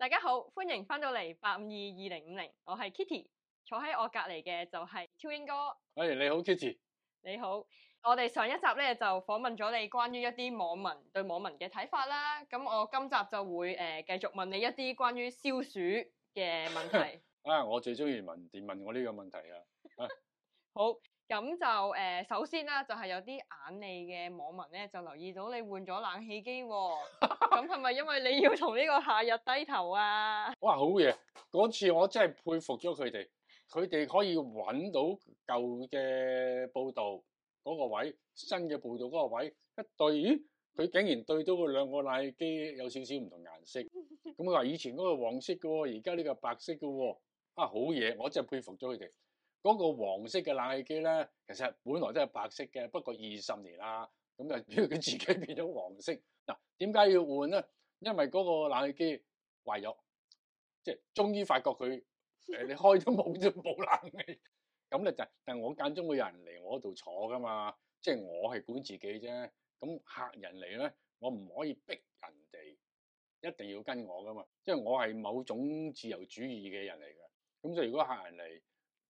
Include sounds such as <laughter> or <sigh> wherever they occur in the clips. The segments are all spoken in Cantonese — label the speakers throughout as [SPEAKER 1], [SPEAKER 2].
[SPEAKER 1] 大家好，歡迎翻到嚟八五二二零五零，我係 Kitty，坐喺我隔籬嘅就係超英哥。
[SPEAKER 2] 哎，hey, 你好 Kitty，
[SPEAKER 1] 你好，我哋上一集咧就訪問咗你關於一啲網民對網民嘅睇法啦，咁我今集就會誒、呃、繼續問你一啲關於消暑嘅問、， <laughs> 啊、
[SPEAKER 2] 問，問，問題。啊，我最中意問點問我呢個問題啊。
[SPEAKER 1] 好。咁就誒、呃，首先啦，就係、是、有啲眼利嘅網民咧，就留意到你換咗冷氣機喎，咁係咪因為你要同呢個夏日低頭啊？
[SPEAKER 2] 哇，好嘢！嗰次我真係佩服咗佢哋，佢哋可以揾到舊嘅報導嗰個位，新嘅報導嗰個位一對，咦？佢竟然對到個兩個冷氣機有少少唔同顏色，咁佢話以前嗰個黃色嘅喎，而家呢個白色嘅喎，啊，好嘢！我真係佩服咗佢哋。嗰個黃色嘅冷氣機咧，其實本來都係白色嘅，不過二十年啦，咁就變佢自己變咗黃色。嗱，點解要換咧？因為嗰個冷氣機壞咗，即係終於發覺佢誒，你 <laughs> 開都冇，都冇冷氣。咁咧就，但係我間中會有人嚟我度坐噶嘛，即係我係管自己啫。咁客人嚟咧，我唔可以逼人哋一定要跟我㗎嘛，即係我係某種自由主義嘅人嚟嘅。咁就如果客人嚟，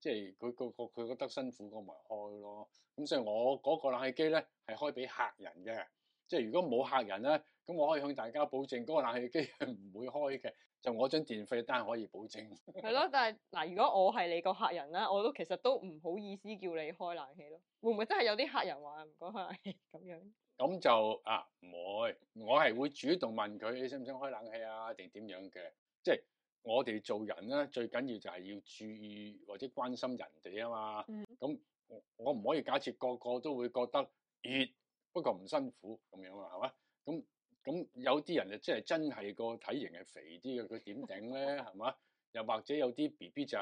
[SPEAKER 2] 即係佢個佢覺得辛苦，咁咪開咯。咁所以我嗰個冷氣機咧係開俾客人嘅。即係如果冇客人咧，咁我可以向大家保證嗰個冷氣機係唔會開嘅。就我張電費單可以保證。
[SPEAKER 1] 係咯，但係嗱，如果我係你個客人咧，我都其實都唔好意思叫你開冷氣咯。會唔會真係有啲客人話唔該開冷氣咁樣？
[SPEAKER 2] 咁就啊，唔會，我係會主動問佢你想唔想開冷氣啊，定點樣嘅？即係。我哋做人咧最緊要就係要注意或者關心人哋啊嘛，咁、嗯、我唔可以假設個個都會覺得熱，不過唔辛苦咁樣啊，係嘛？咁咁有啲人就即係真係個體型係肥啲嘅，佢點頂咧？係嘛？又或者有啲 B B 仔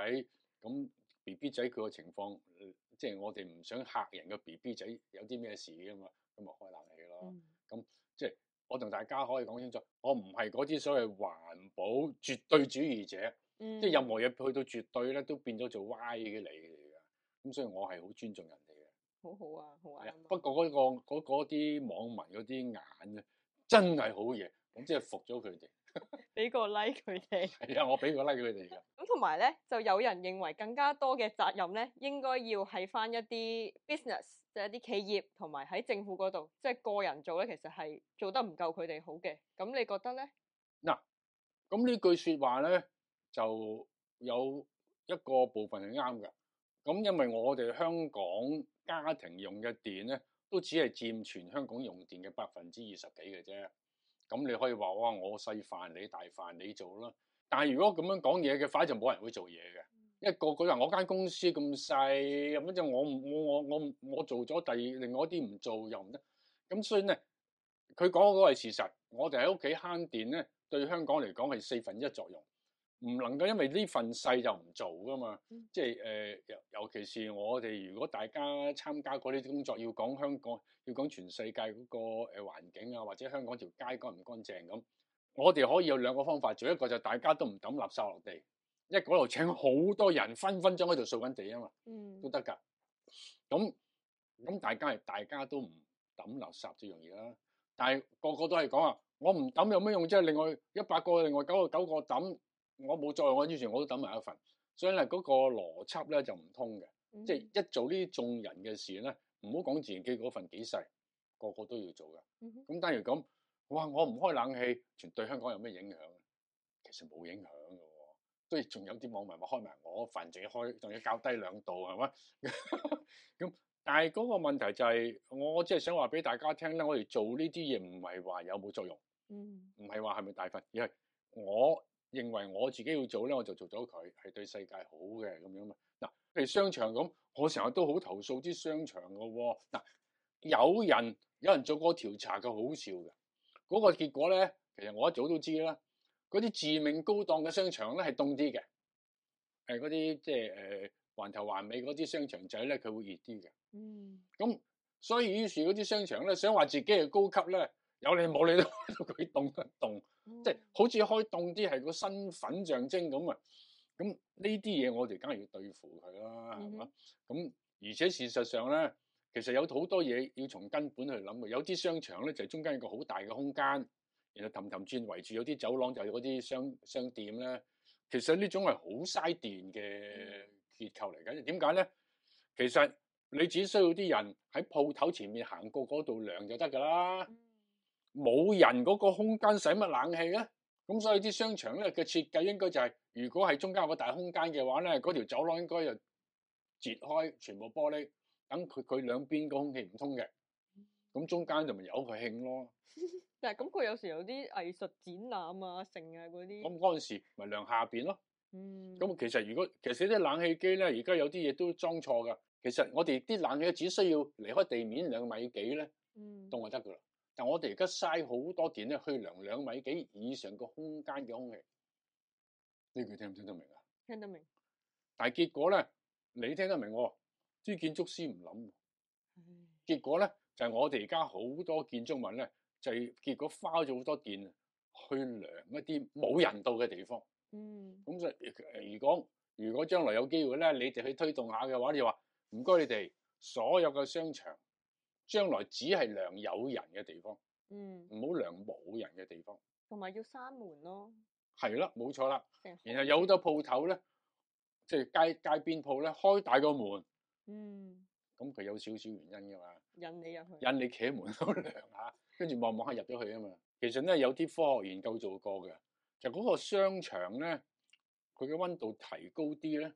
[SPEAKER 2] 咁 B B 仔佢個情況，即係我哋唔想吓人嘅 B B 仔有啲咩事啊嘛，咁咪開冷氣咯，咁、嗯。我同大家可以講清楚，我唔係嗰啲所謂環保絕對主義者，嗯、即係任何嘢去到絕對咧，都變咗做歪嘅你嚟嘅。咁所以我係好尊重人哋嘅。
[SPEAKER 1] 好好啊，
[SPEAKER 2] 好啊，不過嗰、嗰個嗰啲網民嗰啲眼咧，真係好嘢，咁即係服咗佢哋。俾 <laughs> 個 like 佢哋，係啊，我俾個 like 佢哋嘅。
[SPEAKER 1] 咁同埋咧，就有人認為更加多嘅責任咧，應該要喺翻一啲 business 即係一啲企業，同埋喺政府嗰度，即係個人做咧，其實係做得唔夠佢哋好嘅。咁你覺得咧？
[SPEAKER 2] 嗱、啊，咁呢句說話咧，就有一個部分係啱嘅。咁因為我哋香港家庭用嘅電咧，都只係佔全香港用電嘅百分之二十幾嘅啫。咁你可以話哇，我細飯你大飯你做啦。但係如果咁樣講嘢嘅，話就冇人會做嘢嘅。一個個人，我間公司咁細，咁就我我我我做咗第二另外一啲唔做又唔得。咁所以咧，佢講嗰個係事實。我哋喺屋企慳電咧，對香港嚟講係四分一作用。唔能夠，因為呢份細就唔做噶嘛。嗯、即係誒、呃，尤其是我哋如果大家參加嗰啲工作，要講香港，要講全世界嗰、那個誒、呃、環境啊，或者香港條街乾唔乾淨咁，我哋可以有兩個方法做。一個就是大家都唔抌垃圾落地，一個就請好多人分分鐘喺度掃緊地啊嘛，嗯、都得噶。咁咁大家係大家都唔抌垃圾，最容易啦。但係個個都係講啊，我唔抌有咩用？即係另外一百個，另外九十九個抌。我冇作用，我之前我都等埋一份，所以咧嗰個邏輯咧就唔通嘅，即係、嗯、哼一做這些呢啲眾人嘅事咧，唔好講自己嗰份幾細，個個都要做噶。咁單、嗯、哼如咁，哇！我唔開冷氣，全對香港有咩影響？其實冇影響噶、哦，都係仲有啲網民話開埋我份，仲要開，仲要校低兩度，係咪？咁 <laughs> 但係嗰個問題就係、是，我即係想話俾大家聽咧，我哋做呢啲嘢唔係話有冇作用，唔係話係咪大份，而係我。認為我自己要做咧，我就做咗佢，係對世界好嘅咁樣嘛。嗱，譬如商場咁，我成日都好投訴啲商場㗎喎。嗱，有人有人做過調查嘅，好笑嘅嗰、嗰個結果咧，其實我一早都知啦。嗰啲自命高檔嘅商場咧，係凍啲嘅。誒、即係，嗰啲即係誒，環頭環尾嗰啲商場仔咧，佢會熱啲嘅。嗯。咁所以於是嗰啲商場咧，想話自己係高級咧，有你冇你都到佢動，動、就是，動一動，即係好似開動啲係個身份象徵咁啊。咁呢啲嘢我哋梗係要對付佢啦，係嘛？咁而且事實上咧，其實有好多嘢要從根本去諗嘅。有啲商場咧就中間有一個好大嘅空間，然後氹氹轉圍住有啲走廊，就有嗰啲商商店咧。其實呢種係好嘥電嘅結構嚟嘅。點解咧？其實你只需要啲人喺鋪頭前面行過嗰度量就得㗎啦。冇人嗰個空間使乜冷氣咧？咁所以啲商場咧嘅設計應該就係、是，如果係中間有個大空間嘅話咧，嗰條走廊應該又截開，全部玻璃，等佢佢兩邊個空氣唔通嘅，咁中間就咪由佢興咯。
[SPEAKER 1] 但係咁佢有時有啲藝術展覽啊，剩啊嗰啲，咁
[SPEAKER 2] 嗰陣時咪量下邊咯。咁其實如果其實啲冷氣機咧，而家有啲嘢都裝錯噶。其實我哋啲冷氣只需要離開地面兩米幾咧，凍、嗯、就得噶啦。但我哋而家嘥好多電咧，去量兩米幾以上嘅空間嘅空氣，呢句聽唔聽得明啊？聽得明。但係結果咧，你聽得明我、哦？啲建築師唔諗、啊。結果咧，就係、是、我哋而家好多建築物咧，就係、是、結果花咗好多電去量一啲冇人到嘅地方。嗯。咁就如果如果將來有機會咧，你哋去推動一下嘅話，你話唔該你哋所有嘅商場。將來只係量有人嘅地方，唔好、嗯、量冇人嘅地方，
[SPEAKER 1] 同埋要閂門咯，
[SPEAKER 2] 係啦，冇錯啦。然後有好多鋪頭咧，即係街街邊鋪咧，開大個門，嗯，咁佢有少少原因嘅嘛，
[SPEAKER 1] 引你入去，引
[SPEAKER 2] 你企喺門口量下，跟住望望下入咗去啊嘛。其實咧有啲科學研究做過嘅，就嗰個商場咧，佢嘅溫度提高啲咧，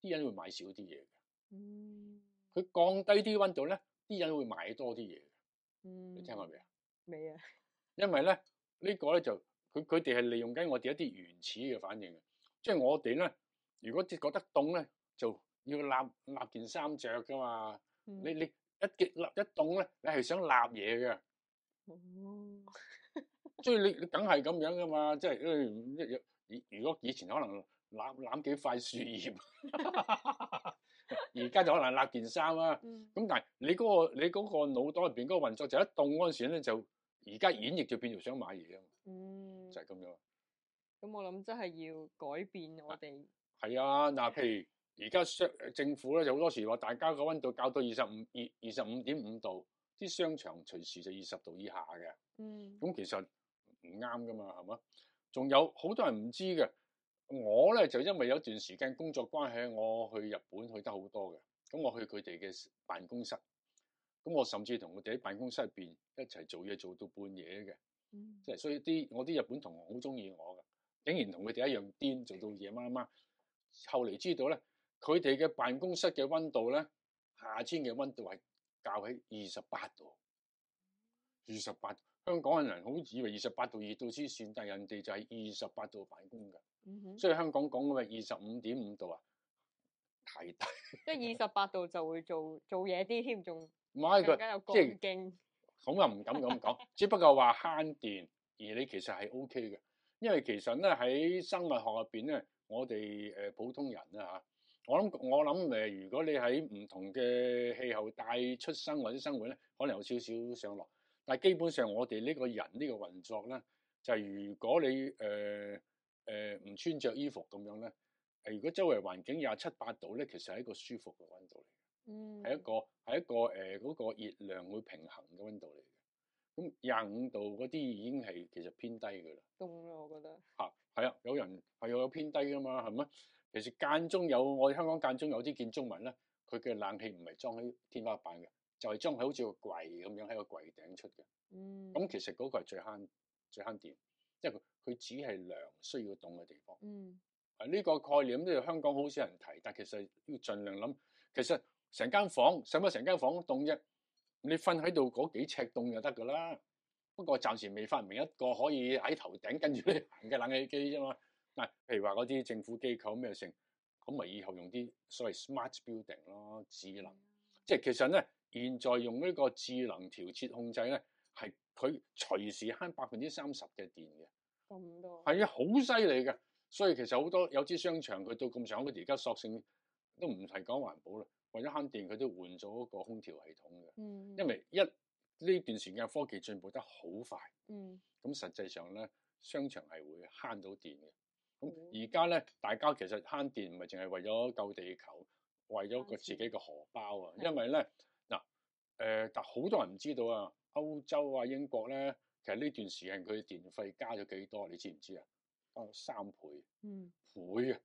[SPEAKER 2] 啲人會買少啲嘢，嗯，佢降低啲溫度咧。啲人會買多啲嘢，嗯、你聽過未啊？未啊！因為咧，呢、呢個咧就佢佢哋係利用緊我哋一啲原始嘅反應嘅，即、就、係、係、我哋咧，如果覺得凍咧，就要立揦件衫着㗎嘛。嗯、你你一結揦一凍咧，你係想立嘢嘅，即、嗯、 <laughs> 所以你你梗係咁樣㗎嘛。即係誒，一若如果以前可能攬攬幾塊樹葉。 <laughs> 而家就可能揦件衫啦，啊、咁、嗯、但係你嗰、嗰個你嗰個腦袋入邊嗰個運作就一凍嗰陣時咧，就而家演繹就變咗想買嘢啊，嗯、就係咁樣。
[SPEAKER 1] 咁、嗯、我諗真係要改變我哋。
[SPEAKER 2] 係啊，嗱、啊，那譬如而家商政府咧就好多時話，大家個溫度校到二十五二二十五點五度，啲商場隨時就二十度以下嘅。嗯。咁其實唔啱噶嘛，係嘛？仲有好多人唔知嘅。我咧，就因為有段時間工作關係，我去日本去得好多嘅。咁我去佢哋嘅辦公室，咁我甚至同佢哋喺辦公室入邊一齊做嘢做到半夜嘅。即係、嗯、所以啲我啲日本同學好中意我嘅，竟然同佢哋一樣癲做到夜媽媽。後嚟知道咧，佢哋嘅辦公室嘅溫度咧，夏天嘅溫度係較喺二十八度，二十八。香港嘅人好以為度二十八度熱到先算，但係人哋就係二十八度辦公㗎，嗯、哼所以香港講嘅話二十五點五度啊，太大。
[SPEAKER 1] 即係二十八度就會做做嘢啲添，仲
[SPEAKER 2] 唔係佢更加有勁，咁又唔敢咁講，只不過話慳電，而你其實係 O K 嘅，因為其實咧喺生物學入邊咧，我哋誒普通人啦吓，我諗我諗誒，如果你喺唔同嘅氣候帶出生或者生活咧，可能有少少上落。但基本上我哋呢個人呢個運作咧，就係、是、如果你誒誒唔穿着衣服咁樣咧，誒如果周圍環境廿七八度咧，其實係一個舒服嘅温度嚟嘅，係、嗯、一個係一個誒嗰、呃那個熱量會平衡嘅温度嚟嘅。咁廿五度嗰啲已經係其實偏低㗎啦。
[SPEAKER 1] 凍啦，我覺得。
[SPEAKER 2] 嚇係啊，有人係又有偏低㗎嘛，係咪？其實間中有我哋香港間中有啲建築物咧，佢嘅冷氣唔係裝喺天花板嘅。就係裝喺好似個櫃咁樣喺個櫃頂出嘅，
[SPEAKER 1] 咁、
[SPEAKER 2] 嗯、其實嗰個係最慳最慳電，因為佢佢只係涼需要凍嘅地方。嗯、啊，呢、呢個概念都度香港好少人提，但其實要盡量諗，其實成間房使乜成間房凍啫？你瞓喺度嗰幾尺凍就得㗎啦。不過暫時未發明一個可以喺頭頂跟住你行嘅冷氣機啫嘛。嗱，譬如話嗰啲政府機構咩成咁咪以後用啲所謂 smart building 咯，智能。嗯、即係其實咧。現在用呢個智能調節控制咧，係佢隨時慳百分之三十嘅電嘅，
[SPEAKER 1] 咁多係
[SPEAKER 2] 啊，好犀利嘅。所以其實好多有啲商場佢都咁想，佢而家索性都唔係講環保啦，為咗慳電，佢都換咗個空調系統嘅。嗯，因為一呢段時間科技進步得好快。嗯，咁實際上咧，商場係會慳到電嘅。咁而家咧，嗯、大家其實慳電唔係淨係為咗救地球，為咗個自己嘅荷包啊，錢因為咧。誒、呃，但好多人唔知道啊！歐洲啊，英國咧，其實呢段時間佢電費加咗幾多？你知唔知啊？加咗三倍，嗯，倍啊！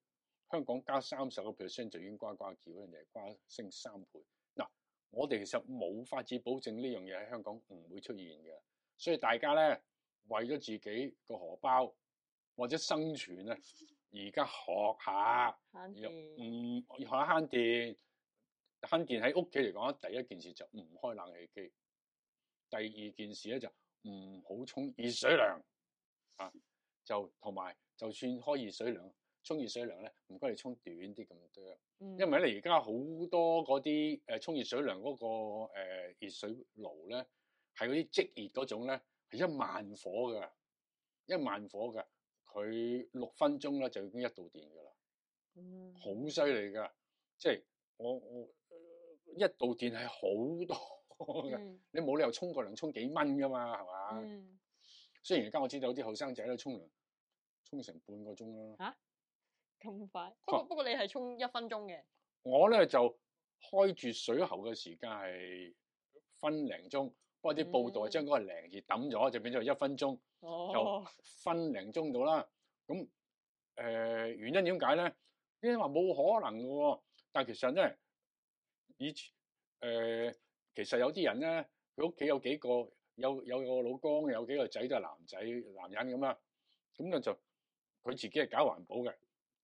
[SPEAKER 2] 香港加三十個 percent 就已經呱呱叫，人哋係，加升三倍。嗱，我哋其實冇法子保證呢樣嘢喺香港唔會出現嘅，所以大家咧為咗自己個荷包或者生存咧、啊，而家學下
[SPEAKER 1] 省
[SPEAKER 2] 電，嗯，要學慳電。慳電喺屋企嚟講，第一件事就唔開冷氣機，第二件事咧就唔好沖熱水涼啊！就同埋就算開熱水涼，沖熱水涼咧唔該你沖短啲咁多，因為咧而家好多嗰啲誒沖熱水涼嗰個誒熱水爐咧係嗰啲即熱嗰種咧係一萬火噶，一萬火噶，佢六分鐘咧就已經一度電噶啦，好犀利噶！即係我我。我一度電係好多嘅，嗯、你冇理由沖個涼沖幾蚊噶嘛，係嘛？嗯、雖然而家我知道啲後生仔喺度沖涼，沖成半個鐘啦。
[SPEAKER 1] 吓、啊？咁快？不過不過、啊、你係沖一分鐘嘅。
[SPEAKER 2] 我咧就開住水喉嘅時間係分零鐘，不過啲報道將嗰個零字抌咗，就變咗一分鐘。就、嗯、分零鐘到啦。咁誒、呃、原因點解咧？因為話冇可能嘅，但係其實真係。以前，誒、呃，其實有啲人咧，佢屋企有幾個，有有個老公，有幾個仔都係男仔，男人咁啦，咁咧就佢自己係搞環保嘅，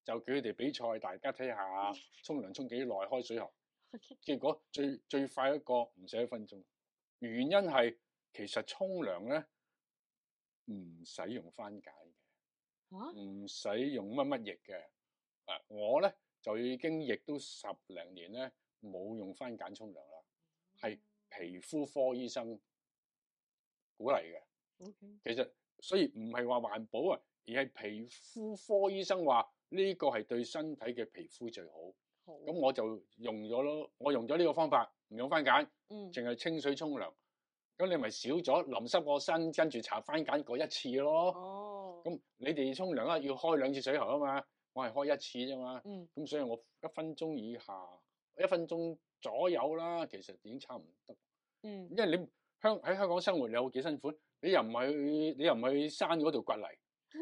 [SPEAKER 2] 就叫佢哋比賽，大家睇下沖涼沖幾耐開水喉。結果最最快一個唔使一分鐘，原因係其實沖涼咧唔使用番梘嘅，唔使用乜乜液嘅。啊、呃，我咧就已經亦都十零年咧。冇用番梘沖涼啦，係皮膚科醫生鼓勵嘅。Okay. 其實所以唔係話環保啊，而係皮膚科醫生話呢個係對身體嘅皮膚最好。好，咁我就用咗咯，我用咗呢個方法，唔用番梘，只是嗯，淨係清水沖涼。咁你咪少咗淋濕個身，跟住搽番梘嗰一次咯。哦，咁你哋沖涼啊，要開兩次水喉啊嘛，我係開一次啫嘛。嗯，咁所以我一分鐘以下。一分鐘左右啦，其實已經差唔多。嗯，因為你香喺香港生活，你有幾辛苦，你又唔係，你又唔係去山嗰度掘泥，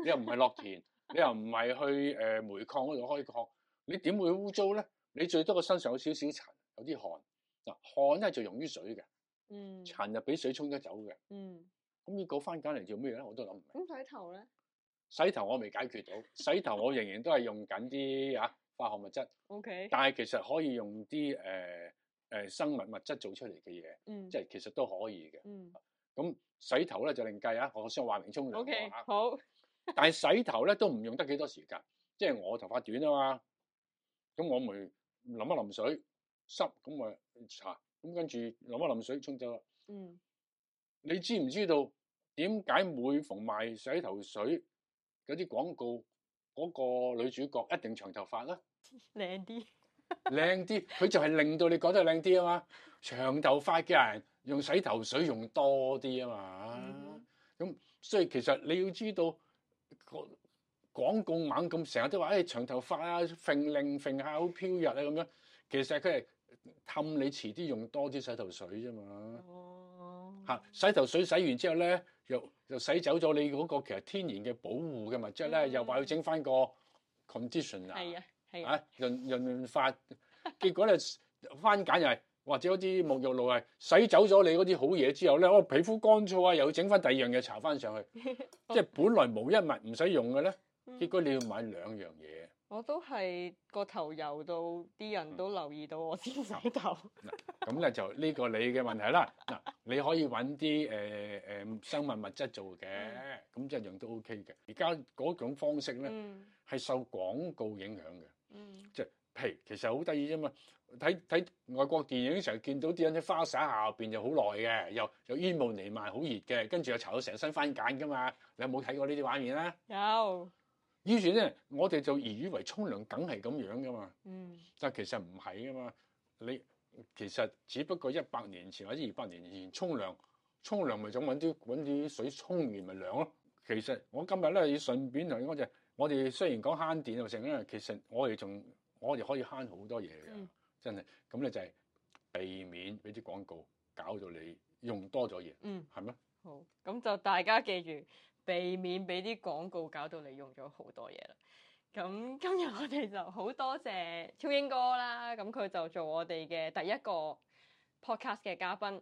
[SPEAKER 2] 你又唔係落田， <laughs> 你又唔係去誒、呃、煤礦嗰度開礦，你點會污糟咧？你最多個身上有少少塵，有啲汗。嗱、啊，汗咧就溶於水嘅，嗯，
[SPEAKER 1] 塵
[SPEAKER 2] 就俾水沖得走嘅，嗯。咁要攞番梘嚟做咩咧？我都諗唔
[SPEAKER 1] 明。咁洗頭咧？
[SPEAKER 2] 洗頭我未解決到，洗頭我仍然都係用緊啲啊。化學物質，Okay. 但係其實可以用啲誒誒生物物質做出嚟嘅嘢，嗯、即係其實都可以嘅。咁、嗯、洗頭咧就另計啊！我想話明沖涼吓，okay, 好 <laughs> 但係洗頭咧都唔用得幾多時間，即係我頭髮短啊嘛。咁我咪淋一淋水濕，咁咪擦，咁跟住淋一淋水沖走啦。嗯、你知唔知道點解每逢賣洗頭水嗰啲廣告，嗰個女主角一定長頭髮咧？靚啲，靚啲，佢 <laughs> 就係令到你覺得靚啲啊嘛。長頭髮嘅人用洗頭水用多啲啊嘛。咁、mm hmm. 嗯、所以其實你要知道，廣廣告猛咁成日都話誒、哎，長頭髮啊，揈令揈下好飄逸啊，咁樣其實佢係氹你遲啲用多啲洗頭水啫嘛。吓、mm，hmm. 洗頭水洗完之後咧，又又洗走咗你嗰個其實天然嘅保護嘛。即係咧，mm hmm. 又話要整翻個 condition 啊、er,
[SPEAKER 1] mm。Hmm. 係啊，
[SPEAKER 2] 潤潤發，結果咧番梘又係，或者嗰啲沐浴露係洗走咗你嗰啲好嘢之後咧，我、哦、皮膚乾燥啊，又整翻第二樣嘢搽翻上去， <laughs> 即係本來冇一物唔使用嘅咧，嗯、結果你要買兩樣嘢。
[SPEAKER 1] 我都係個頭油到啲人都留意到我先洗頭。
[SPEAKER 2] 咁咧、嗯 <laughs> 啊、就呢、這個你嘅問題啦。嗱、啊，你可以揾啲誒誒生物物質做嘅，咁一樣都 OK 嘅。而家嗰種方式咧，係、嗯、受廣告影響嘅。嗯，即係皮，其實好得意啫嘛。睇睇外國電影成日見到啲人喺花灑下邊就好耐嘅，又煙霧尼又煙霧彌漫，好熱嘅，跟住又搽到成身番梘噶嘛。你有冇睇過呢啲畫面咧？有。於是咧，我哋就以以為沖涼梗係咁樣噶嘛。嗯。但係其實唔係噶嘛。你其實只不過一百年前或者二百年前沖涼，沖涼咪想搵啲啲水沖完咪涼咯。其實我今日咧要順便同你講我哋雖然講慳電啊，剩啊，其實我哋仲我哋可以慳好多嘢嘅，嗯、真係。咁咧就係避免俾啲廣告搞到你用多咗嘢，係咩？好，
[SPEAKER 1] 咁就大家記住避免俾啲廣告搞到你用咗好多嘢啦。咁今日我哋就好多謝超英哥啦，咁佢就做我哋嘅第一個 podcast 嘅嘉賓。